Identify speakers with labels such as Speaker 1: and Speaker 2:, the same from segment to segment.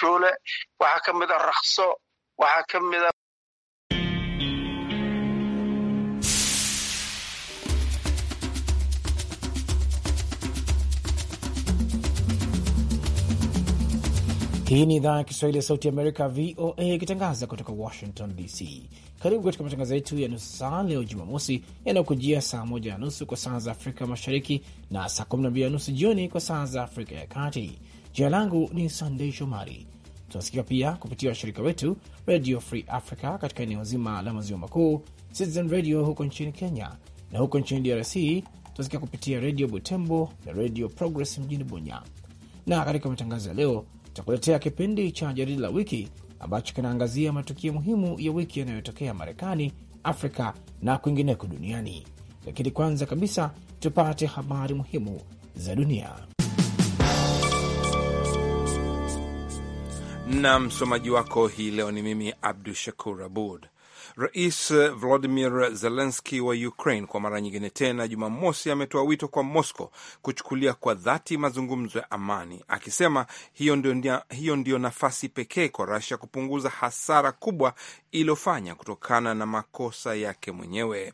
Speaker 1: Shule waxaa ka mid ah Rakhso waxaa ka ah- Hii ni idhaa ya Kiswahili ya Sauti ya Amerika, VOA, ikitangaza kutoka Washington DC. Karibu katika matangazo yetu ya nusu saa leo Jumamosi, yanayokujia saa moja na nusu kwa saa za Afrika Mashariki na saa kumi na mbili na nusu jioni kwa saa za Afrika ya Kati Jina langu ni Sandei Shomari. Tunasikia pia kupitia washirika wetu Radio Free Africa katika eneo zima la maziwa makuu, Citizen Radio huko nchini Kenya, na huko nchini DRC tunasikia kupitia redio Butembo na redio Progress mjini Bunya. Na katika matangazo ya leo, tutakuletea kipindi cha Jarida la Wiki ambacho kinaangazia matukio muhimu ya wiki yanayotokea Marekani, Afrika na kwingineko duniani. Lakini kwanza kabisa tupate habari muhimu za dunia.
Speaker 2: na msomaji wako hii leo ni mimi Abdu Shakur Abud. Rais eh, Volodimir Zelenski wa Ukraine kwa mara nyingine tena Jumamosi ametoa wito kwa Moscow kuchukulia kwa dhati mazungumzo ya amani, akisema hiyo ndio, hiyo ndio nafasi pekee kwa rasia kupunguza hasara kubwa iliyofanya kutokana na makosa yake mwenyewe.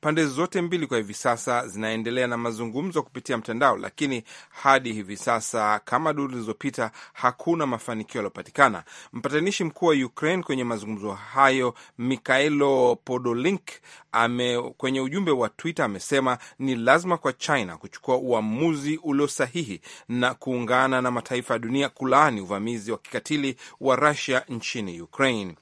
Speaker 2: Pande zote mbili kwa hivi sasa zinaendelea na mazungumzo kupitia mtandao, lakini hadi hivi sasa, kama duru zilizopita, hakuna mafanikio yaliyopatikana. Mpatanishi mkuu wa Ukraine kwenye mazungumzo hayo Mikhailo Podolink ame, kwenye ujumbe wa Twitter amesema ni lazima kwa China kuchukua uamuzi ulio sahihi na kuungana na mataifa ya dunia kulaani uvamizi wa kikatili wa Russia nchini Ukraine.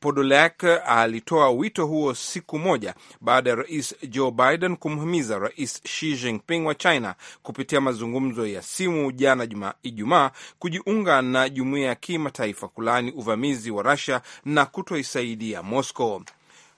Speaker 2: Podolak alitoa wito huo siku moja baada ya rais Joe Biden kumhimiza rais Xi Jinping wa China kupitia mazungumzo ya simu jana Ijumaa kujiunga na jumuiya ya kimataifa kulaani uvamizi wa Rusia na kutoisaidia Moscow.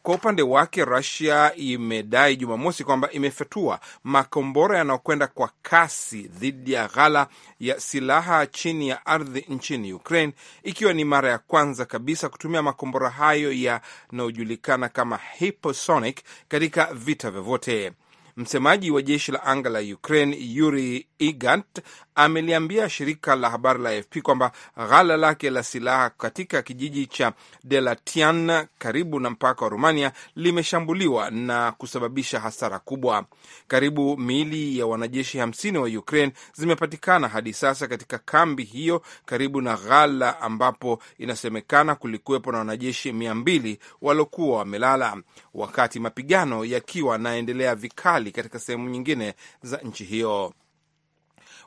Speaker 2: Kwa upande wake, Rusia imedai Jumamosi kwamba imefyatua makombora yanayokwenda kwa kasi dhidi ya ghala ya silaha chini ya ardhi nchini Ukraine, ikiwa ni mara ya kwanza kabisa kutumia makombora hayo yanayojulikana kama hypersonic katika vita vyovyote. Msemaji wa jeshi la anga la Ukraine Yuri Igant ameliambia shirika la habari la AFP kwamba ghala lake la silaha katika kijiji cha Delatian karibu na mpaka wa Rumania limeshambuliwa na kusababisha hasara kubwa. Karibu miili ya wanajeshi hamsini wa Ukraine zimepatikana hadi sasa katika kambi hiyo karibu na ghala, ambapo inasemekana kulikuwepo na wanajeshi mia mbili waliokuwa wamelala wakati mapigano yakiwa naendelea vikali hali katika sehemu nyingine za nchi hiyo.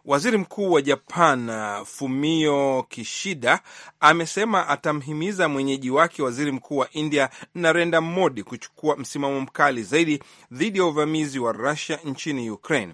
Speaker 2: Waziri Mkuu wa Japan Fumio Kishida amesema atamhimiza mwenyeji wake waziri mkuu wa India Narendra Modi kuchukua msimamo mkali zaidi dhidi ya uvamizi wa Rusia nchini Ukraine.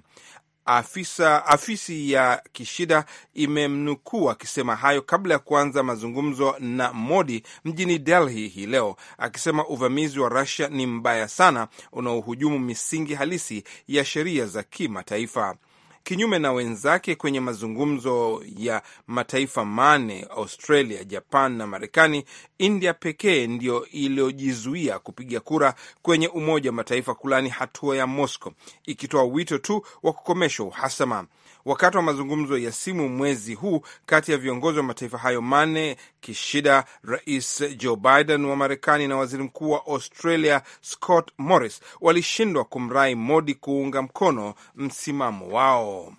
Speaker 2: Afisa, afisi ya Kishida imemnukuu akisema hayo kabla ya kuanza mazungumzo na Modi mjini Delhi hii leo, akisema uvamizi wa Russia ni mbaya sana, unaohujumu misingi halisi ya sheria za kimataifa kinyume na wenzake kwenye mazungumzo ya mataifa mane, Australia, Japan na Marekani. India pekee ndiyo iliyojizuia kupiga kura kwenye Umoja wa Mataifa kulani hatua ya Moscow, ikitoa wito tu wa kukomesha uhasama wakati wa mazungumzo ya simu mwezi huu kati ya viongozi wa mataifa hayo manne kishida, Rais Joe Biden wa Marekani na waziri mkuu wa Australia Scott morris walishindwa kumrai Modi kuunga mkono msimamo wao.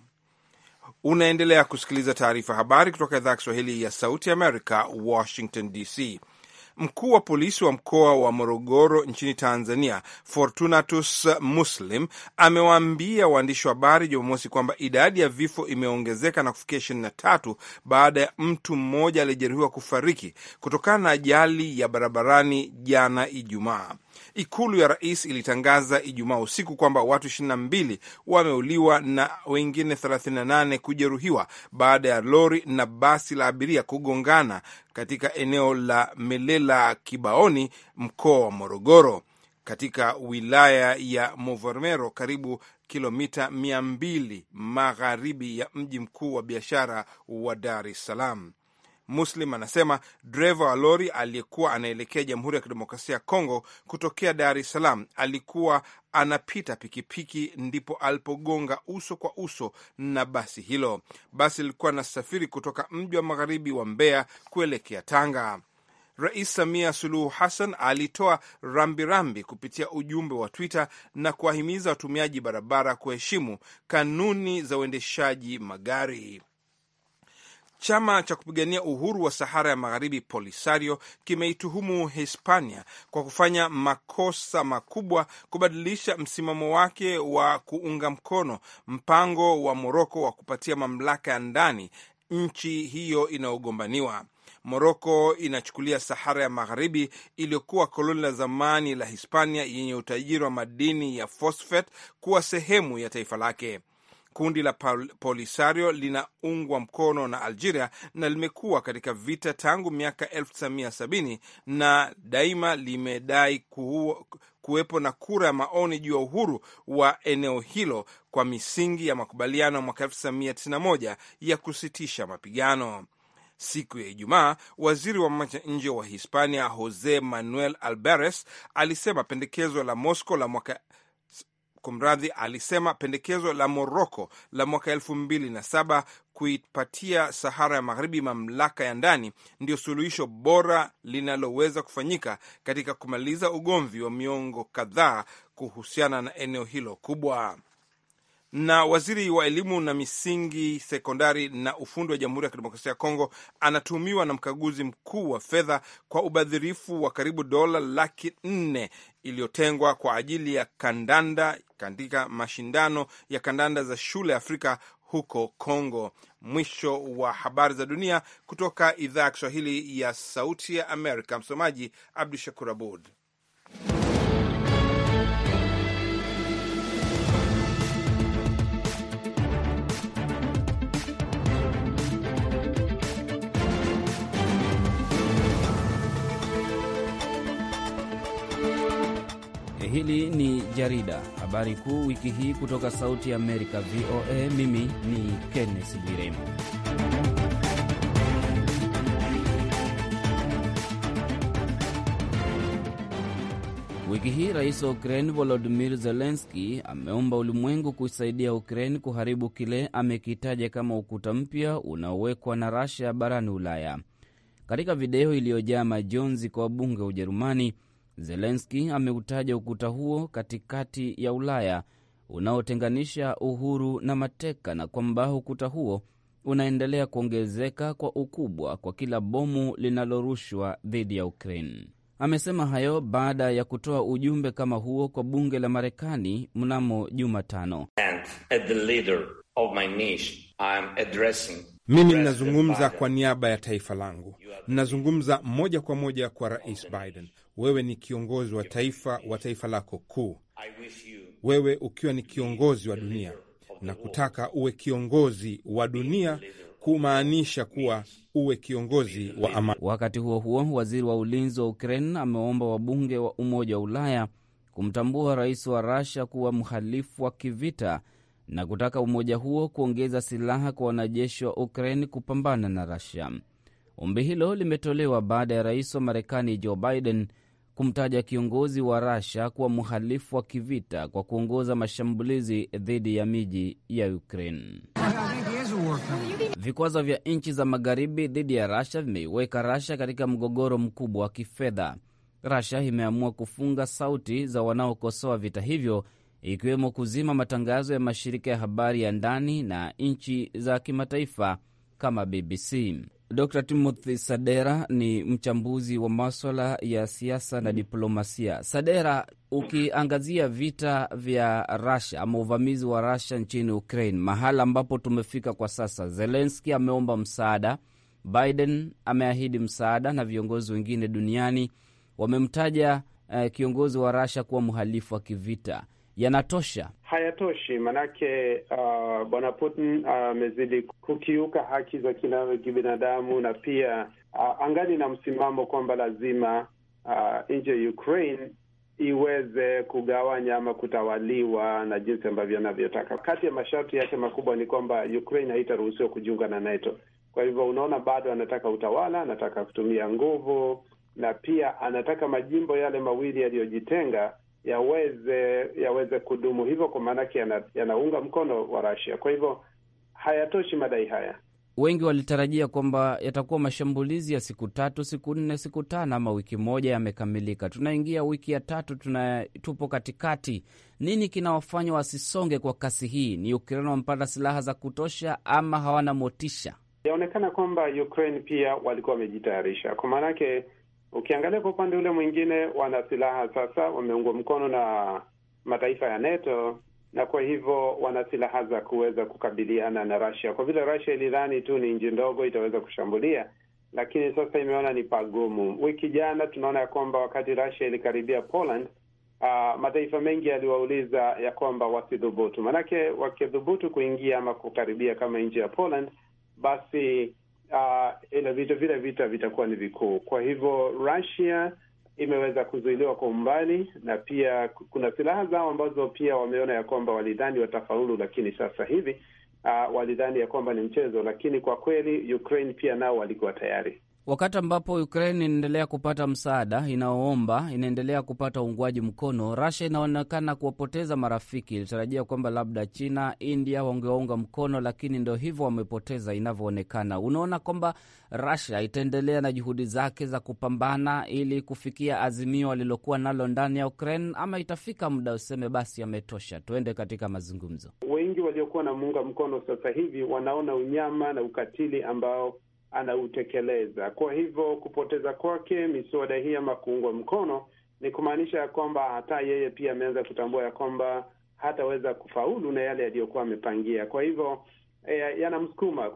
Speaker 2: Unaendelea kusikiliza taarifa habari kutoka idhaa ya Kiswahili ya Sauti Amerika, Washington DC. Mkuu wa polisi wa mkoa wa Morogoro nchini Tanzania, Fortunatus Muslim, amewaambia waandishi wa habari Jumamosi kwamba idadi ya vifo imeongezeka na kufikia ishirini na tatu baada ya mtu mmoja aliyejeruhiwa kufariki kutokana na ajali ya barabarani jana Ijumaa. Ikulu ya rais ilitangaza Ijumaa usiku kwamba watu 22 wameuliwa na wengine 38 kujeruhiwa baada ya lori na basi la abiria kugongana katika eneo la Melela Kibaoni, mkoa wa Morogoro, katika wilaya ya Movormero, karibu kilomita 200 magharibi ya mji mkuu wa biashara wa Dar es Salaam. Muslim anasema dreva wa lori aliyekuwa anaelekea Jamhuri ya Kidemokrasia ya Kongo kutokea Dar es Salaam alikuwa anapita pikipiki ndipo alipogonga uso kwa uso na basi hilo. Basi lilikuwa anasafiri kutoka mji wa magharibi wa Mbeya kuelekea Tanga. Rais Samia Suluhu Hassan alitoa rambirambi kupitia ujumbe wa Twitter na kuwahimiza watumiaji barabara kuheshimu kanuni za uendeshaji magari. Chama cha kupigania uhuru wa Sahara ya Magharibi, Polisario, kimeituhumu Hispania kwa kufanya makosa makubwa kubadilisha msimamo wake wa kuunga mkono mpango wa Moroko wa kupatia mamlaka ya ndani nchi hiyo inayogombaniwa. Moroko inachukulia Sahara ya Magharibi iliyokuwa koloni la zamani la Hispania yenye utajiri wa madini ya fosfet kuwa sehemu ya taifa lake. Kundi la Polisario linaungwa mkono na Algeria na limekuwa katika vita tangu miaka 1970 na daima limedai kuwepo na kura ya maoni juu ya uhuru wa eneo hilo kwa misingi ya makubaliano ya mwaka 1991 ya kusitisha mapigano. Siku ya Ijumaa, waziri wa mambo ya nje wa Hispania Jose Manuel Albares alisema pendekezo la Moscow la mwaka kumradhi, alisema pendekezo la Moroko la mwaka elfu mbili na saba kuipatia Sahara ya Magharibi mamlaka ya ndani ndio suluhisho bora linaloweza kufanyika katika kumaliza ugomvi wa miongo kadhaa kuhusiana na eneo hilo kubwa. Na waziri wa elimu na misingi sekondari na ufundi wa Jamhuri ya Kidemokrasia ya Kongo anatuhumiwa na mkaguzi mkuu wa fedha kwa ubadhirifu wa karibu dola laki nne iliyotengwa kwa ajili ya kandanda katika mashindano ya kandanda za shule ya Afrika huko Kongo. Mwisho wa habari za dunia kutoka idhaa ya Kiswahili ya Sauti ya Amerika. Msomaji Abdu Shakur Abud.
Speaker 3: Hili ni jarida habari kuu wiki hii kutoka Sauti ya Amerika, VOA. Mimi ni Kenneth Bwire. Wiki hii rais wa ukrain Volodimir Zelenski ameomba ulimwengu kuisaidia Ukraini kuharibu kile amekitaja kama ukuta mpya unaowekwa na Rasia barani Ulaya. Katika video iliyojaa majonzi kwa wabunge wa Ujerumani, Zelenski ameutaja ukuta huo katikati ya Ulaya unaotenganisha uhuru na mateka na kwamba ukuta huo unaendelea kuongezeka kwa ukubwa kwa kila bomu linalorushwa dhidi ya Ukraine. Amesema hayo baada ya kutoa ujumbe kama huo kwa bunge la Marekani mnamo Jumatano. Mimi ninazungumza kwa
Speaker 2: niaba ya taifa langu, ninazungumza moja kwa moja kwa Rais Biden. Wewe ni kiongozi wa taifa wa taifa lako kuu, wewe ukiwa ni kiongozi wa dunia, na kutaka uwe kiongozi wa dunia kumaanisha kuwa uwe kiongozi wa
Speaker 3: amani. Wakati huo huo, waziri wa ulinzi wa Ukraine ameomba wabunge wa Umoja wa Ulaya kumtambua rais wa Russia kuwa mhalifu wa kivita na kutaka umoja huo kuongeza silaha kwa wanajeshi wa Ukraine kupambana na Russia. Ombi hilo limetolewa baada ya rais wa Marekani Joe Biden kumtaja kiongozi wa Russia kuwa mhalifu wa kivita kwa kuongoza mashambulizi dhidi ya miji ya Ukraine. Vikwazo vya nchi za magharibi dhidi ya Russia vimeiweka Russia katika mgogoro mkubwa wa kifedha. Russia imeamua kufunga sauti za wanaokosoa vita hivyo, ikiwemo kuzima matangazo ya mashirika ya habari ya ndani na nchi za kimataifa kama BBC. Dr Timothy Sadera ni mchambuzi wa maswala ya siasa na diplomasia. Sadera, ukiangazia vita vya rasha ama uvamizi wa rasha nchini Ukraine, mahala ambapo tumefika kwa sasa, Zelenski ameomba msaada, Biden ameahidi msaada na viongozi wengine duniani wamemtaja uh, kiongozi wa rasha kuwa mhalifu wa kivita yanatosha?
Speaker 4: Hayatoshi, manake uh, bwana Putin uh, amezidi uh, kukiuka haki za kibinadamu na pia uh, angali na msimamo kwamba lazima uh, nje ya Ukraine iweze kugawanya ama kutawaliwa na jinsi ambavyo anavyotaka. Kati ya masharti yake makubwa ni kwamba Ukraine haitaruhusiwa kujiunga na NATO. Kwa hivyo unaona, bado anataka utawala, anataka kutumia nguvu, na pia anataka majimbo yale mawili yaliyojitenga yaweze yaweze kudumu hivyo, kwa maanake yana, yanaunga mkono wa Russia. Kwa hivyo hayatoshi madai haya.
Speaker 3: Wengi walitarajia kwamba yatakuwa mashambulizi ya siku tatu, siku nne, siku tano ama wiki moja yamekamilika. Tunaingia wiki ya tatu, tuna tupo katikati. Nini kinawafanya wasisonge kwa kasi hii? Ni Ukraine wamepata silaha za kutosha ama hawana motisha?
Speaker 4: Yaonekana kwamba Ukraine pia walikuwa wamejitayarisha, kwa maanake Ukiangalia kwa upande ule mwingine, wana silaha sasa, wameungwa mkono na mataifa ya NATO na kwa hivyo wana silaha za kuweza kukabiliana na Russia. Kwa vile Russia ilidhani tu ni nchi ndogo itaweza kushambulia, lakini sasa imeona ni pagumu. Wiki jana tunaona ya kwamba wakati Russia ilikaribia Poland, uh, mataifa mengi yaliwauliza ya kwamba wasidhubutu, maanake wakidhubutu kuingia ama kukaribia kama nchi ya Poland, basi uh, ina vita vile vita vitakuwa ni vikuu. Kwa hivyo Russia imeweza kuzuiliwa kwa umbali, na pia kuna silaha zao ambazo pia wameona ya kwamba walidhani watafaulu, lakini sasa hivi uh, walidhani ya kwamba ni mchezo, lakini kwa kweli Ukraine pia nao walikuwa tayari
Speaker 3: wakati ambapo Ukraine inaendelea kupata msaada inaoomba, inaendelea kupata uungwaji mkono. Russia inaonekana kuwapoteza marafiki. Ilitarajia kwamba labda China, India wangewaunga mkono, lakini ndo hivyo wamepoteza inavyoonekana. Unaona kwamba Russia itaendelea na juhudi zake za kupambana ili kufikia azimio alilokuwa nalo ndani ya Ukraine, ama itafika muda useme basi ametosha, tuende katika mazungumzo?
Speaker 4: Wengi waliokuwa muunga mkono sasa hivi wanaona unyama na ukatili ambao anautekeleza. Kwa hivyo kupoteza kwake miswada hii ama kuungwa mkono ni kumaanisha ya kwamba hata yeye pia ameanza kutambua ya kwamba hataweza kufaulu na yale yaliyokuwa amepangia. Kwa hivyo eh, yanamsukuma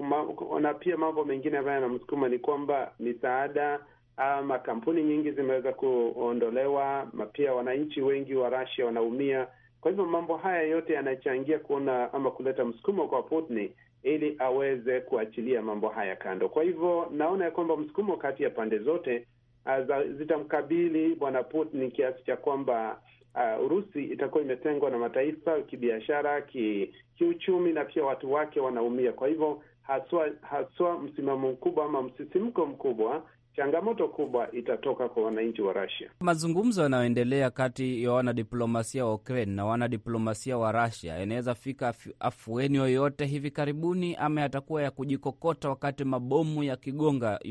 Speaker 4: na pia mambo mengine ambayo yanamsukuma ni kwamba misaada ama kampuni nyingi zimeweza kuondolewa, pia wananchi wengi wa Russia wanaumia. Kwa hivyo mambo haya yote yanachangia kuona ama kuleta msukumo kwa Putin ili aweze kuachilia mambo haya kando. Kwa hivyo naona ya kwamba msukumo kati ya pande zote ah, zitamkabili bwana Putin kiasi cha kwamba uh, Urusi itakuwa imetengwa na mataifa kibiashara, ki, kiuchumi na pia watu wake wanaumia. Kwa hivyo haswa, haswa msimamo mkubwa ama msisimko mkubwa changamoto kubwa itatoka kwa wananchi wa Russia.
Speaker 3: Mazungumzo yanayoendelea kati ya wanadiplomasia wa Ukraine na wanadiplomasia wa Russia yanaweza fika afueni yoyote hivi karibuni, ama yatakuwa ya kujikokota wakati mabomu ya Ukraine?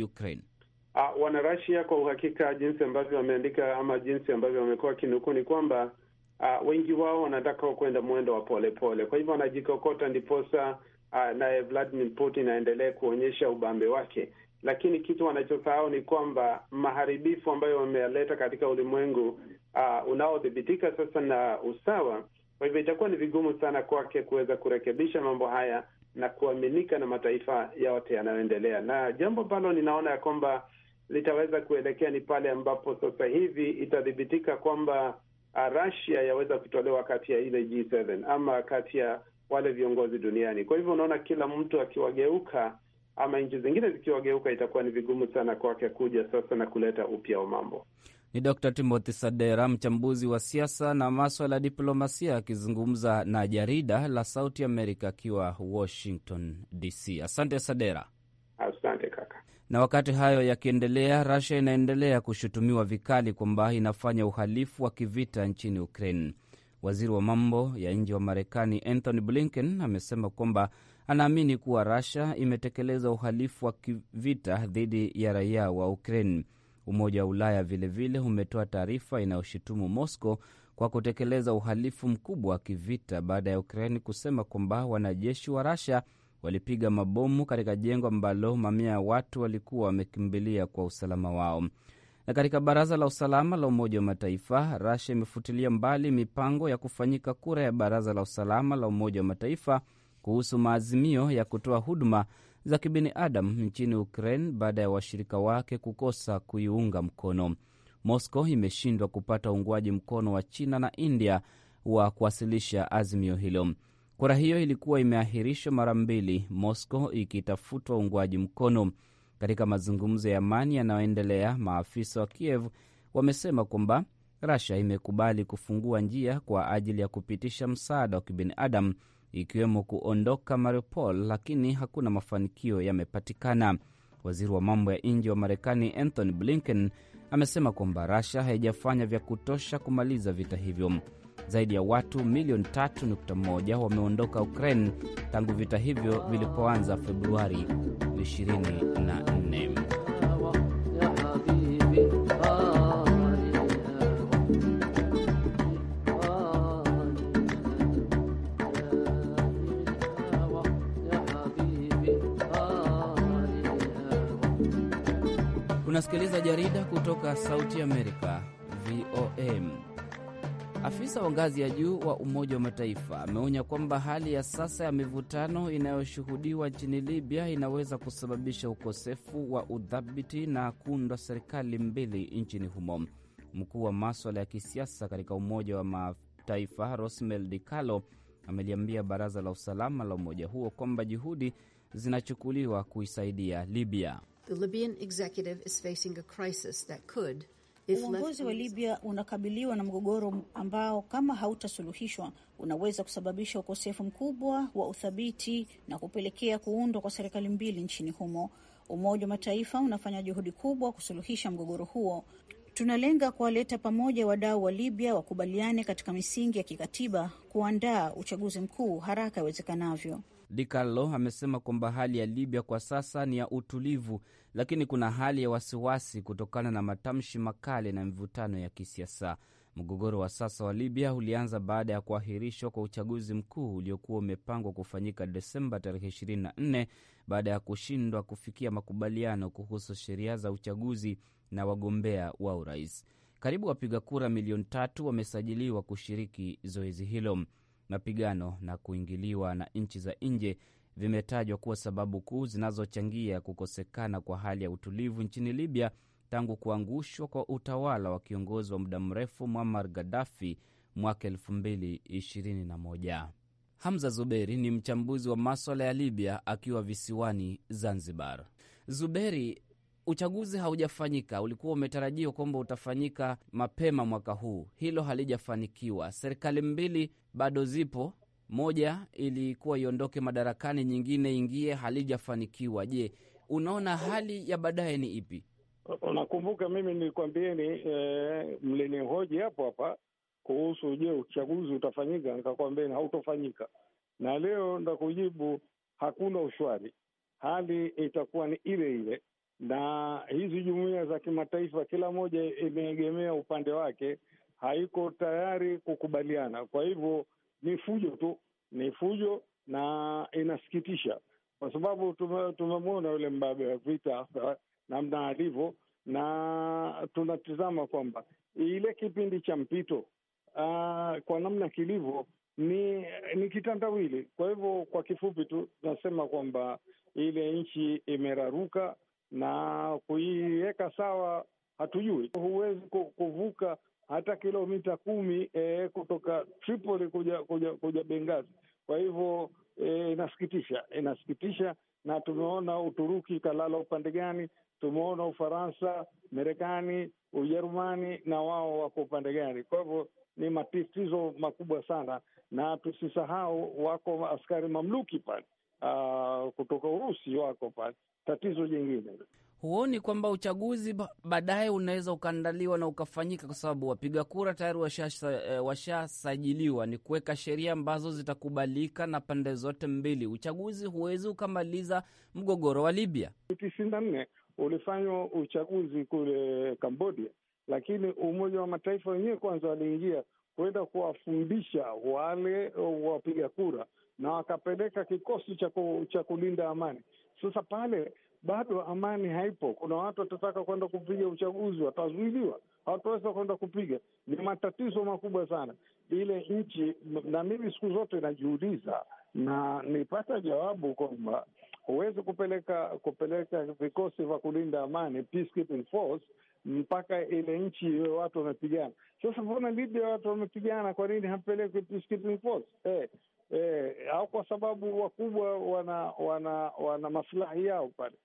Speaker 3: ukrain
Speaker 4: ah, wanarasia kwa uhakika, jinsi ambavyo wameandika ama jinsi ambavyo wamekuwa kinukuu ni kwamba uh, wengi wao wanataka kwenda mwendo wa polepole pole. Kwa hivyo wanajikokota ndiposa uh, naye Vladimir Putin aendelee kuonyesha ubambe wake lakini kitu wanachosahau ni kwamba maharibifu ambayo wameyaleta katika ulimwengu uh, unaodhibitika sasa na usawa. Kwa hivyo itakuwa ni vigumu sana kwake kuweza kurekebisha mambo haya na kuaminika na mataifa yote yanayoendelea, na jambo ambalo ninaona ya kwamba litaweza kuelekea ni pale ambapo sasa hivi itathibitika kwamba uh, Russia yaweza kutolewa kati ya ile G7 ama kati ya wale viongozi duniani. Kwa hivyo unaona kila mtu akiwageuka ama nchi zingine zikiwageuka, itakuwa ni vigumu sana kwake kuja sasa na kuleta upya wa mambo.
Speaker 3: Ni Dr Timothy Sadera, mchambuzi wa siasa na maswala ya diplomasia, akizungumza na jarida la Sauti Amerika akiwa Washington DC. Asante Sadera. Asante kaka. Na wakati hayo yakiendelea, rasia inaendelea kushutumiwa vikali kwamba inafanya uhalifu wa kivita nchini Ukraine. Waziri wa mambo ya nje wa Marekani Anthony Blinken amesema kwamba anaamini kuwa Russia imetekeleza uhalifu wa kivita dhidi ya raia wa Ukraine. Umoja wa Ulaya vilevile umetoa taarifa inayoshutumu Moscow kwa kutekeleza uhalifu mkubwa wa kivita baada ya Ukraine kusema kwamba wanajeshi wa Russia walipiga mabomu katika jengo ambalo mamia ya watu walikuwa wamekimbilia kwa usalama wao. Na katika Baraza la Usalama la Umoja wa Mataifa, Russia imefutilia mbali mipango ya kufanyika kura ya Baraza la Usalama la Umoja wa Mataifa kuhusu maazimio ya kutoa huduma za kibinadamu nchini Ukraine baada ya washirika wake kukosa kuiunga mkono. Moscow imeshindwa kupata uungwaji mkono wa China na India wa kuwasilisha azimio hilo. Kura hiyo ilikuwa imeahirishwa mara mbili, Moscow ikitafutwa uungwaji mkono. Katika mazungumzo ya amani yanayoendelea, maafisa wa Kiev wamesema kwamba Russia imekubali kufungua njia kwa ajili ya kupitisha msaada wa kibinadamu ikiwemo kuondoka Mariupol, lakini hakuna mafanikio yamepatikana. Waziri wa mambo ya nje wa Marekani Anthony Blinken amesema kwamba Russia haijafanya vya kutosha kumaliza vita hivyo. Zaidi ya watu milioni 3.1 wameondoka Ukraine tangu vita hivyo vilipoanza Februari 24. unasikiliza jarida kutoka Sauti Amerika, VOM. Afisa wa ngazi ya juu wa Umoja wa Mataifa ameonya kwamba hali ya sasa ya mivutano inayoshuhudiwa nchini Libya inaweza kusababisha ukosefu wa udhabiti na kuundwa serikali mbili nchini humo. Mkuu wa maswala ya kisiasa katika Umoja wa Mataifa Rosmel Di Carlo ameliambia baraza la usalama la umoja huo kwamba juhudi zinachukuliwa kuisaidia Libya.
Speaker 5: The Libyan executive is
Speaker 3: facing a crisis that could Uongozi wa Libya unakabiliwa na mgogoro ambao kama hautasuluhishwa unaweza kusababisha ukosefu mkubwa wa uthabiti na kupelekea kuundwa kwa serikali mbili nchini humo. Umoja wa Mataifa unafanya juhudi kubwa kusuluhisha mgogoro huo. Tunalenga kuwaleta pamoja wadau wa Libya wakubaliane katika misingi ya kikatiba kuandaa uchaguzi mkuu haraka iwezekanavyo. Di Carlo amesema kwamba hali ya Libya kwa sasa ni ya utulivu, lakini kuna hali ya wasiwasi kutokana na matamshi makali na mivutano ya kisiasa. Mgogoro wa sasa wa Libya ulianza baada ya kuahirishwa kwa uchaguzi mkuu uliokuwa umepangwa kufanyika Desemba tarehe 24 baada ya kushindwa kufikia makubaliano kuhusu sheria za uchaguzi na wagombea wa urais. Karibu wapiga kura milioni tatu wamesajiliwa kushiriki zoezi hilo mapigano na kuingiliwa na nchi za nje vimetajwa kuwa sababu kuu zinazochangia kukosekana kwa hali ya utulivu nchini Libya tangu kuangushwa kwa utawala wa kiongozi wa muda mrefu Muammar Gaddafi mwaka 2021. Hamza Zuberi ni mchambuzi wa maswala ya Libya akiwa visiwani Zanzibar. Zuberi, uchaguzi haujafanyika, ulikuwa umetarajiwa kwamba utafanyika mapema mwaka huu. Hilo halijafanikiwa. Serikali mbili bado zipo, moja ilikuwa iondoke madarakani, nyingine ingie, halijafanikiwa. Je, unaona hali ya baadaye ni ipi?
Speaker 6: Unakumbuka mimi nilikwambieni, e, mlinihoji hapo hapa kuhusu je, uchaguzi utafanyika? Nikakwambieni hautofanyika, na leo ndakujibu hakuna ushwari, hali itakuwa ni ile ile na hizi jumuiya za kimataifa kila moja imeegemea upande wake, haiko tayari kukubaliana. Kwa hivyo ni fujo tu, ni fujo na inasikitisha, kwa sababu tumemwona yule mbabe wa vita namna alivyo, na tunatizama kwamba ile kipindi cha mpito uh, kwa namna kilivyo ni ni kitandawili. Kwa hivyo kwa kifupi tu tunasema kwamba ile nchi imeraruka na kuiweka sawa hatujui. Huwezi kuvuka hata kilomita kumi e, kutoka Tripoli kuja kuja kuja Bengazi. Kwa hivyo e, inasikitisha, inasikitisha. Na tumeona Uturuki ikalala upande gani, tumeona Ufaransa, Marekani, Ujerumani na wao wako upande gani. Kwa hivyo ni matatizo makubwa sana, na tusisahau wako askari mamluki pale ah, kutoka Urusi wako pale tatizo jingine.
Speaker 3: Huoni kwamba uchaguzi baadaye unaweza ukaandaliwa na ukafanyika, kwa sababu wapiga kura tayari eh, washasajiliwa? Washa ni kuweka sheria ambazo zitakubalika na pande zote mbili. Uchaguzi huwezi ukamaliza mgogoro wa Libya.
Speaker 6: tisini na nne ulifanywa uchaguzi kule Kambodia, lakini Umoja wa Mataifa wenyewe kwanza waliingia kwenda kuwafundisha wale wapiga kura na wakapeleka kikosi cha kulinda amani sasa pale bado amani haipo. Kuna watu watataka kwenda kupiga uchaguzi, watazuiliwa, hawataweza kwenda kupiga. Ni matatizo makubwa sana ile nchi, na mimi siku zote najiuliza na nipata jawabu kwamba huwezi kupeleka kupeleka vikosi vya kulinda amani peacekeeping force mpaka ile nchi iwe watu wamepigana. Sasa mbona Libya watu wamepigana, kwa nini hampelekwi peacekeeping force? Eh, eh, au kwa sababu wakubwa wana wana wana masilahi yao pale.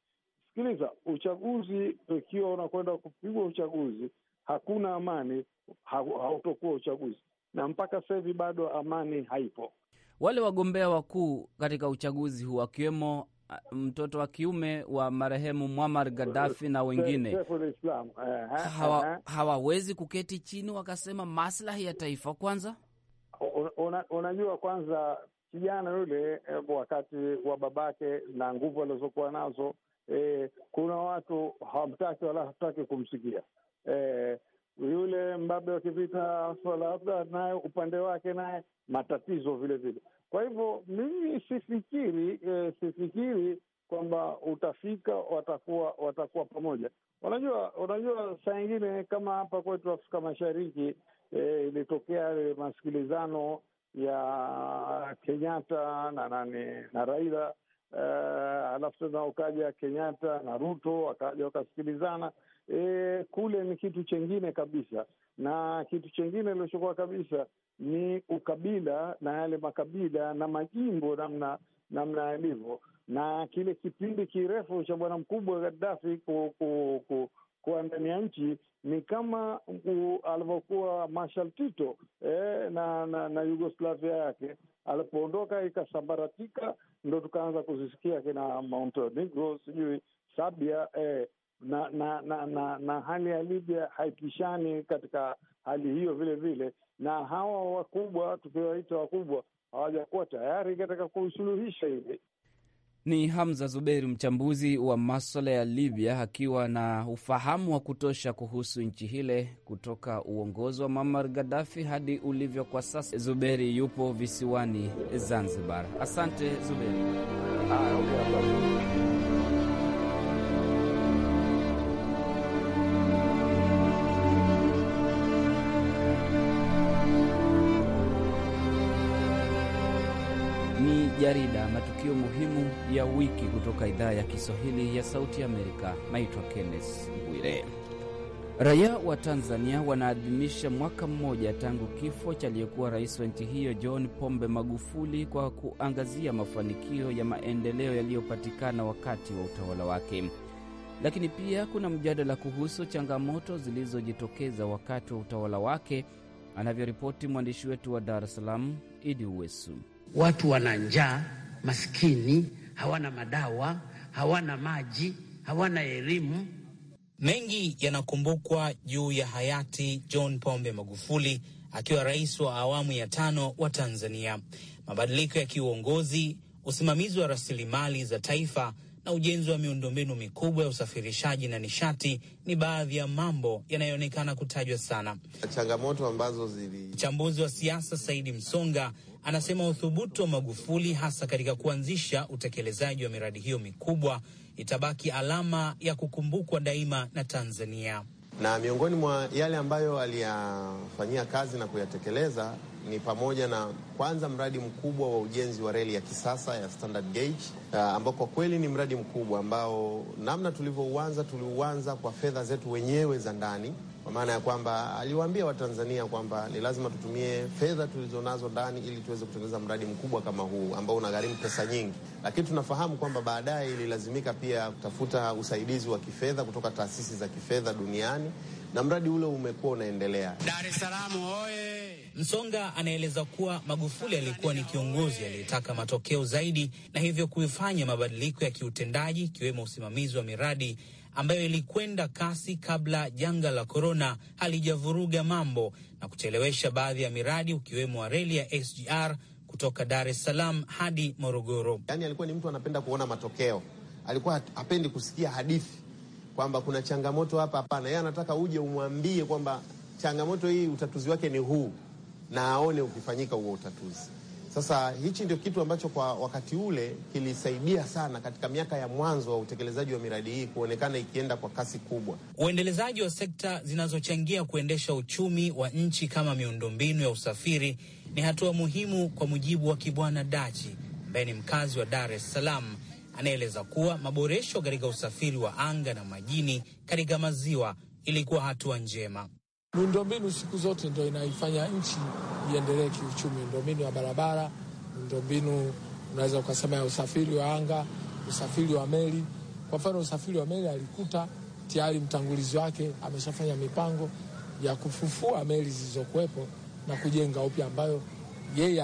Speaker 6: Sikiliza, uchaguzi ukiwa unakwenda kupigwa uchaguzi, hakuna amani, hautokuwa uchaguzi, na mpaka sasa hivi bado amani haipo.
Speaker 3: Wale wagombea wakuu katika uchaguzi huu akiwemo ah, mtoto wa kiume wa marehemu Muammar Gaddafi na wengine eh, eh, eh, hawawezi hawa kuketi chini wakasema maslahi ya taifa kwanza
Speaker 6: una, unajua kwanza kijana yule eh, wakati wa babake na nguvu alizokuwa nazo eh, kuna watu hawamtaki wala hatutaki kumsikia eh, yule mbabe wa kivita labda naye upande wake naye matatizo vile vile. Kwa hivyo mimi sifikiri eh, sifikiri kwamba utafika watakuwa watakuwa pamoja. Unajua, unajua saa ingine kama hapa kwetu Afrika Mashariki eh, ilitokea e, masikilizano ya Kenyatta na nani na Raila eh, alafu tena ukaja Kenyatta na Ruto wakaja wakasikilizana. E, kule ni kitu chengine kabisa, na kitu chengine ilichokuwa kabisa ni ukabila na yale makabila na majimbo namna namna yalivyo, na kile kipindi kirefu cha bwana mkubwa Gaddafi ku, ku, ku kuwa ndani ya nchi ni kama alivyokuwa Marshal Tito eh, na, na na Yugoslavia yake alipoondoka ikasambaratika, ndo tukaanza kuzisikia kina Montenegro sijui Sabia eh, na, na, na, na, na hali ya Libya haipishani katika hali hiyo vile vile, na hawa wakubwa tukiwaita wakubwa hawajakuwa tayari katika kusuluhisha hili
Speaker 3: ni Hamza Zuberi, mchambuzi wa maswala ya Libya, akiwa na ufahamu wa kutosha kuhusu nchi hile kutoka uongozi wa Muammar Gaddafi hadi ulivyo kwa sasa. Zuberi yupo visiwani Zanzibar. Asante Zuberi. ni jarida matukio muhimu ya wiki kutoka idhaa ya Kiswahili ya Sauti Amerika. Naitwa kennes Bwire. Raia wa Tanzania wanaadhimisha mwaka mmoja tangu kifo cha aliyekuwa rais wa nchi hiyo John Pombe Magufuli kwa kuangazia mafanikio ya maendeleo yaliyopatikana wakati wa utawala wake. Lakini pia kuna mjadala kuhusu changamoto zilizojitokeza wakati wa utawala wake, anavyoripoti mwandishi wetu wa Dar es Salaam Idi Uwesu. Watu wana njaa, maskini, hawana madawa, hawana maji, hawana elimu. Mengi
Speaker 7: yanakumbukwa juu ya hayati John Pombe Magufuli akiwa rais wa awamu ya tano wa Tanzania. Mabadiliko ya kiuongozi, usimamizi wa rasilimali za taifa na ujenzi wa miundombinu mikubwa ya usafirishaji na nishati ni baadhi ya mambo yanayoonekana kutajwa sana.
Speaker 5: Changamoto ambazo zili
Speaker 7: mchambuzi wa siasa Saidi Msonga Anasema uthubutu wa Magufuli hasa katika kuanzisha utekelezaji wa miradi hiyo mikubwa itabaki alama ya kukumbukwa daima na Tanzania.
Speaker 5: Na miongoni mwa yale ambayo aliyafanyia kazi na kuyatekeleza ni pamoja na kwanza mradi mkubwa wa ujenzi wa reli ya kisasa ya standard gauge, uh, ambao kwa kweli ni mradi mkubwa ambao namna tulivyouanza tuliuanza kwa fedha zetu wenyewe za ndani kwa maana ya kwamba aliwaambia Watanzania kwamba ni lazima tutumie fedha tulizonazo ndani ili tuweze kutengeneza mradi mkubwa kama huu ambao unagharimu pesa nyingi, lakini tunafahamu kwamba baadaye ililazimika pia kutafuta usaidizi wa kifedha kutoka taasisi za kifedha duniani na mradi ule umekuwa unaendelea. Dar es Salaam oye! Msonga
Speaker 7: anaeleza kuwa Magufuli alikuwa ni kiongozi aliyetaka matokeo zaidi, na hivyo kuifanya mabadiliko ya kiutendaji ikiwemo usimamizi wa miradi ambayo ilikwenda kasi kabla janga la korona halijavuruga mambo na kuchelewesha baadhi ya miradi ukiwemo wa reli ya SGR
Speaker 5: kutoka Dar es Salaam hadi Morogoro. Yaani alikuwa ni mtu anapenda kuona matokeo, alikuwa hapendi kusikia hadithi kwamba kuna changamoto hapa. Hapana, yeye anataka uje umwambie kwamba changamoto hii utatuzi wake ni huu, na aone ukifanyika huo utatuzi. Sasa hichi ndio kitu ambacho kwa wakati ule kilisaidia sana katika miaka ya mwanzo wa utekelezaji wa miradi hii kuonekana ikienda kwa kasi kubwa. Uendelezaji
Speaker 7: wa sekta zinazochangia kuendesha uchumi wa nchi kama miundombinu ya usafiri ni hatua muhimu, kwa mujibu wa Kibwana Dachi ambaye ni mkazi wa Dar es Salaam anaeleza kuwa maboresho katika usafiri wa anga na majini katika maziwa ilikuwa hatua njema.
Speaker 1: Miundombinu siku zote ndo inaifanya nchi iendelee kiuchumi. Miundombinu ya barabara, miundombinu unaweza ukasema ya usafiri wa anga, usafiri wa meli. Kwa mfano, usafiri wa meli alikuta tayari mtangulizi wake ameshafanya mipango ya kufufua meli zilizokuwepo na kujenga upya, ambayo yeye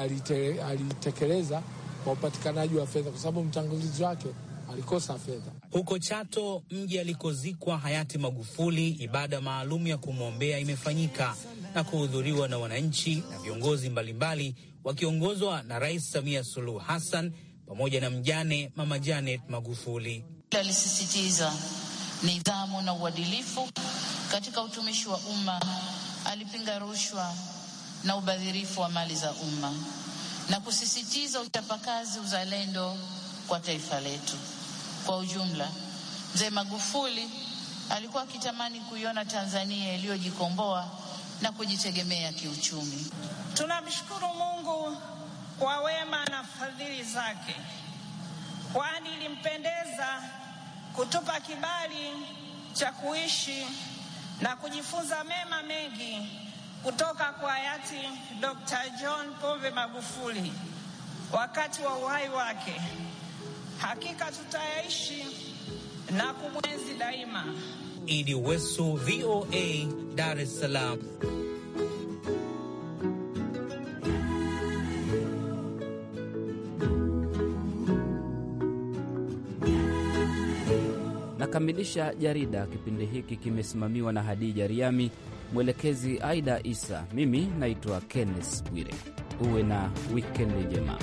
Speaker 1: alitekeleza kwa upatikanaji wa fedha, kwa sababu mtangulizi wake alikosa fedha.
Speaker 7: Huko Chato, mji alikozikwa hayati Magufuli, ibada maalum ya kumwombea imefanyika na kuhudhuriwa na wananchi na viongozi mbalimbali wakiongozwa na Rais Samia Suluhu Hassan pamoja na mjane Mama Janet Magufuli.
Speaker 3: Alisisitiza nidhamu na uadilifu katika utumishi wa umma, alipinga rushwa na ubadhirifu wa mali za umma na kusisitiza uchapakazi, uzalendo kwa taifa letu kwa ujumla. Mzee Magufuli alikuwa akitamani kuiona Tanzania iliyojikomboa na kujitegemea kiuchumi. Tunamshukuru Mungu kwa wema
Speaker 7: na fadhili zake, kwani
Speaker 3: ilimpendeza kutupa kibali cha kuishi na kujifunza mema mengi kutoka kwa hayati Dr. John Pombe Magufuli wakati wa uhai wake. Hakika tutayaishi na kumwenzi daima.
Speaker 7: Idi Wesu, VOA, Dar es Salaam.
Speaker 3: Nakamilisha jarida. Kipindi hiki kimesimamiwa na Hadija Riami mwelekezi Aida Isa, mimi naitwa Kenneth Bwire. Uwe na wikendi njema.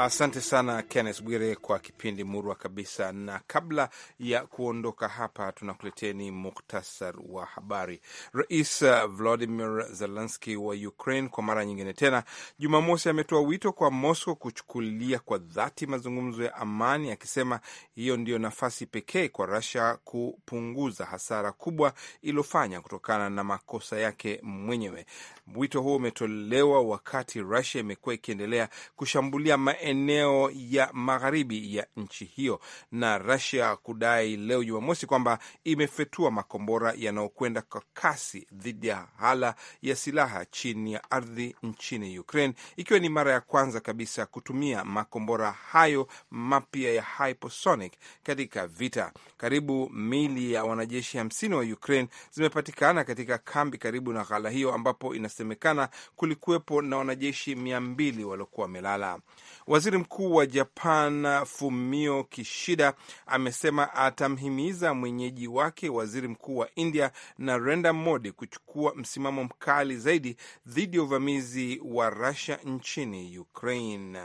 Speaker 2: Asante sana Kenneth Bwire kwa kipindi murwa kabisa. Na kabla ya kuondoka hapa, tunakuleteni muktasar wa habari. Rais uh, Vladimir zelenski wa Ukraine kwa mara nyingine tena Jumamosi ametoa wito kwa Moscow kuchukulia kwa dhati mazungumzo ya amani, akisema hiyo ndiyo nafasi pekee kwa Russia kupunguza hasara kubwa iliyofanya kutokana na makosa yake mwenyewe. Wito huo umetolewa wakati Rusia imekuwa ikiendelea kushambulia maeneo ya magharibi ya nchi hiyo na Rusia kudai leo Jumamosi kwamba imefetua makombora yanayokwenda kwa kasi dhidi ya hala ya silaha chini ya ardhi nchini Ukraine, ikiwa ni mara ya kwanza kabisa kutumia makombora hayo mapya ya hypersonic katika vita. Karibu mili ya wanajeshi hamsini wa Ukraine zimepatikana katika kambi karibu na ghala hiyo ambapo ina inasemekana kulikuwepo na wanajeshi mia mbili waliokuwa wamelala. Waziri Mkuu wa Japan Fumio Kishida amesema atamhimiza mwenyeji wake Waziri Mkuu wa India Narendra Modi kuchukua msimamo mkali zaidi dhidi ya uvamizi wa Russia nchini Ukraine.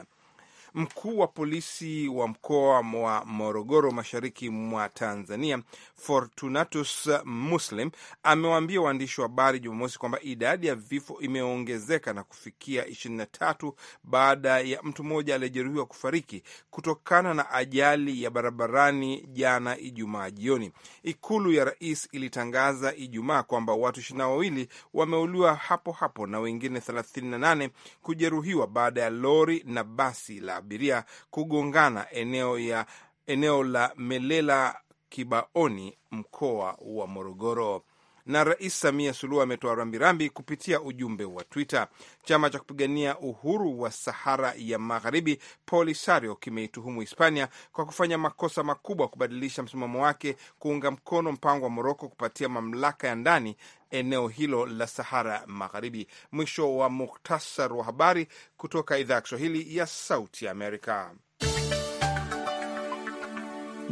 Speaker 2: Mkuu wa polisi wa mkoa wa Morogoro, mashariki mwa Tanzania, Fortunatus Muslim amewaambia waandishi wa habari Jumamosi kwamba idadi ya vifo imeongezeka na kufikia ishirini na tatu baada ya mtu mmoja aliyejeruhiwa kufariki kutokana na ajali ya barabarani jana Ijumaa jioni. Ikulu ya rais ilitangaza Ijumaa kwamba watu ishirini na wawili wameuliwa hapo hapo na wengine 38 kujeruhiwa baada ya lori na basi la abiria kugongana eneo ya eneo la Melela Kibaoni, mkoa wa Morogoro na Rais Samia Suluhu ametoa rambirambi kupitia ujumbe wa Twitter. Chama cha kupigania uhuru wa Sahara ya Magharibi, Polisario, kimeituhumu Hispania kwa kufanya makosa makubwa kubadilisha msimamo wake kuunga mkono mpango wa Moroko kupatia mamlaka ya ndani eneo hilo la Sahara Magharibi. Mwisho wa muktasar wa habari kutoka idhaa ya Kiswahili ya Sauti ya Amerika.